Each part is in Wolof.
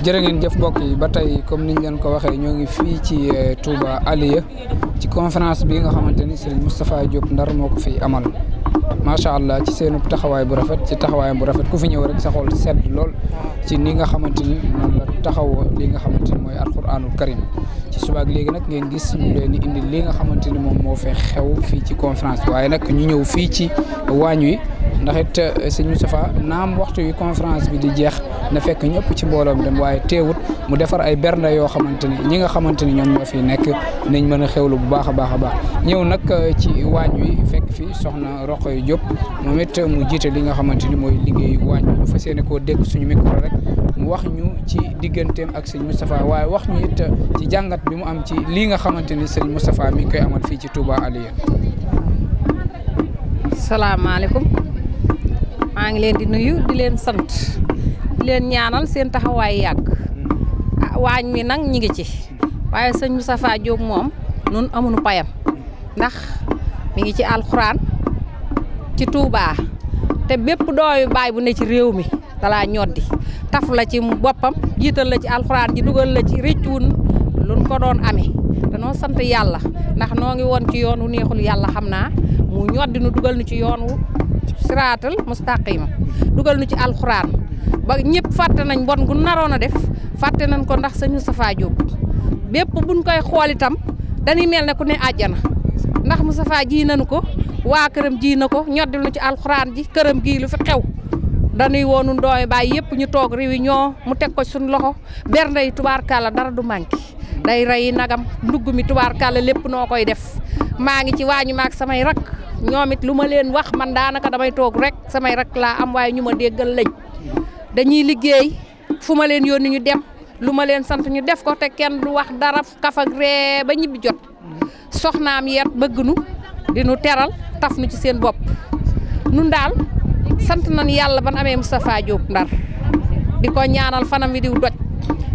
jërë ngeen jëf mbokk yi ba tey comme niñ leen ko waxee ñoo ngi fii ci eh, Touba Aliya ci conférence bi nga xamante ni Serigne Moustapha Ndar moo ko fiy amal macha allah ci seen taxawaay bu rafet ci taxawaayam bu rafet ku fi ñëw rek saxool xol sedd lool ci ni nga xamante ni taxawoo li nga xamante ni mooy alxuraanul karim ci subaak léegi nag ngeen gis ñu leen di indi li nga xamante ni moom moo fee xew fii ci conférence waaye nag ñu ñëw fii ci waañ wi. ndax it euh, sëñ Moustapha naam waxtu yu conférence bi di jeex na fekk ñëpp ci mbooloo mi dem waaye teewut mu defar ay bernde yoo xamante ni ñi nga xamante ni ñoom ñoo fi nekk nañ mën a xewlu bu baax a baax a baax ñëw nag euh, ci waañ wi fekk fi soxna Roqoy Diop moom mu jiite li nga xamante ni mooy liggéey waañ wi ñu fas yéene koo dégg suñu micro rek mu wax ñu ci digganteem ak sëñ Moustapha waaye wax ñu it euh, ci jàngat bi mu am ci lii nga xamante ni sëñ Moustapha mi ngi koy amal fii ci Touba Aliya salaamaaleykum maa ngi leen di nuyu di leen sant di leen ñaanal seen taxawaayu yàgg ah, waañ mi nag ñi ngi ci waaye sëñ Moustapha Diop moom nun amuñu payam ndax mi ngi ci alxuraan ci Touba te bépp dooyu baay bu ne ci réew mi dalaa ñoddi taf la ci boppam jiital la ci alxuraan ji dugal la ci rëccuwun luñ ko doon amee danoo sant yàlla ndax noo ngi woon ci yoon wu neexul yàlla xam naa mu ñoddi nu dugal nu ci yoon wu ci siraatal dugal nu ci alxuraan ba ñëpp fàtte nañ bon gu naroon a def fàtte nañ ko ndax sëñ Moustapha Diop bépp buñ koy xool itam dañuy mel ne ku ne àjjana ndax mu Moustapha ji nañu ko waa këram ji na ko ñoddil nu ci alxuraan ji këram gii lu fi xew dañuy woonu doomi baay yëpp ñu toog yi ñoo mu teg ko suñu loxo bernde yi kàlla dara du manqué day rey nagam ndugg mi tubaarkàlla lépp noo koy def maa ngi ci waañu maag samay rakk ñoom lu ma leen wax man daanaka damay toog rek samay rak laa am waaye ñu ma déggal lañ dañuy liggéey fu ma leen yónni ñu dem lu ma leen sant ñu def ko te kenn du wax dara kaf ak ree ba ñibbi jot soxnaam yeet bëgg nu di nu teral taf nu ci seen bopp nun daal sant nañ yàlla ban amee Moustapha Diop Ndar di ko ñaanal fanam wi diw doj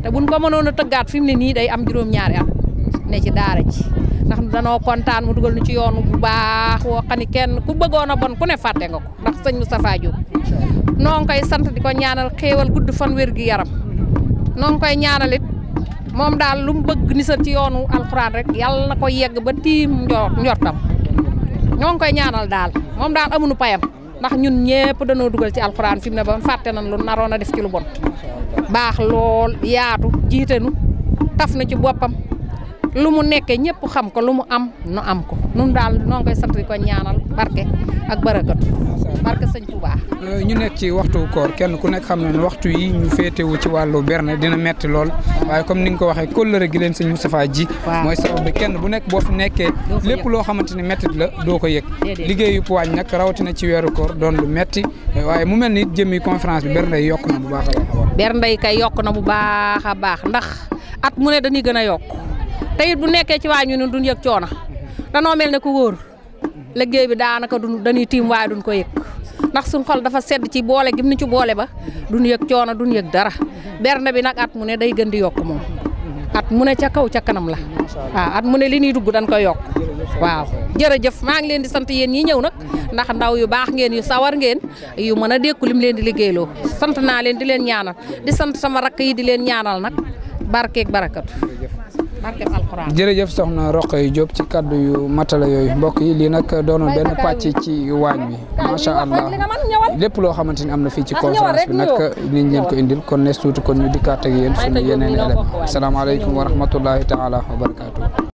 te buñ ko mënoon a tëggaat fi mu ne nii day am juróom-ñaari at ne ci daara ji ndax danoo kontaan mu dugal nu ci yoonu bu baax woo xam kenn ku bëggoon a bon ku ne fàtte nga ko ndax sëñ Moustapha Diop noo ngi koy sant di ko ñaanal xéewal gudd fan wér gi yaram noo koy ñaanal moom daal lu mu bëgg nisal ci yoonu alxuraan rek yàlla na ko yegg ba tiim njortam ñoo ngi koy ñaanal daal moom daal amuñu payam ndax ñun ñëpp danoo dugal ci alxuraan fi mu ne ba fàtte nañ lu naroon a def ci lu bon baax lool yaatu jiitanu taf na ci boppam lu mu nekkee ñëpp xam ko lu mu am nu am ko nun daal noo ngi koy sant di ko ñaanal barke ak barakatu barke sëñ Touba. Euh, ñu nekk ci waxtu koor kenn ku nekk xam na ne waxtu yi ñu féetewu ci wàllu berne dina metti lool waaye comme ni nga ko waxee kóllëre gi leen sëñ Moustapha ji mooy sabab bi kenn bu nekk boo fu nekkee lépp loo xamante ne métti la doo ko yëg liggéeyu waañ nag rawatina ci weeru koor doon lu metti waaye mu mel ni jëmi conférence bi bernde yi yokk bu baax a yokk na bu baax a baax ndax at mu dañuy gën a yokk te it bu nekkee ci waañ wi ñun duñ yëg coona danoo mel ne ku wóor liggéey bi daanaka duñ dañuy tiim waaye duñ ko yëg ndax suñ xol dafa sedd ci boole gim ni ci boole ba duñ yëg coono duñ yëg dara berne bi nag at mu ne day gën di yokk moom at mu ne ca kaw ca kanam la waaw at mu ne li ñuy dugg dañ ko yokk waaw jërëjëf maa ngi leen di sant yéen ñi ñëw nag ndax ndaw yu baax ngeen yu sawar ngeen yu mën a dékku lim leen di liggéeyloo sant naa leen di leen ñaanal di sant sama rakk yi di leen ñaanal nag barkeeg barakatu jërëjëf soxna Roqe Diop ci kaddu yu matala yooyu mbokk yi lii nag doonoon benn pàcc ci waañ wi macha allah lépp loo xamante ni am na fii ci ah, conférence bi nag niñ leen ko indil kon nees tuuti kon ñu dikkaat ak yéen suñu yeneen élèves asalaamaaleykum wa rahmatullahi taala wa barakaatu.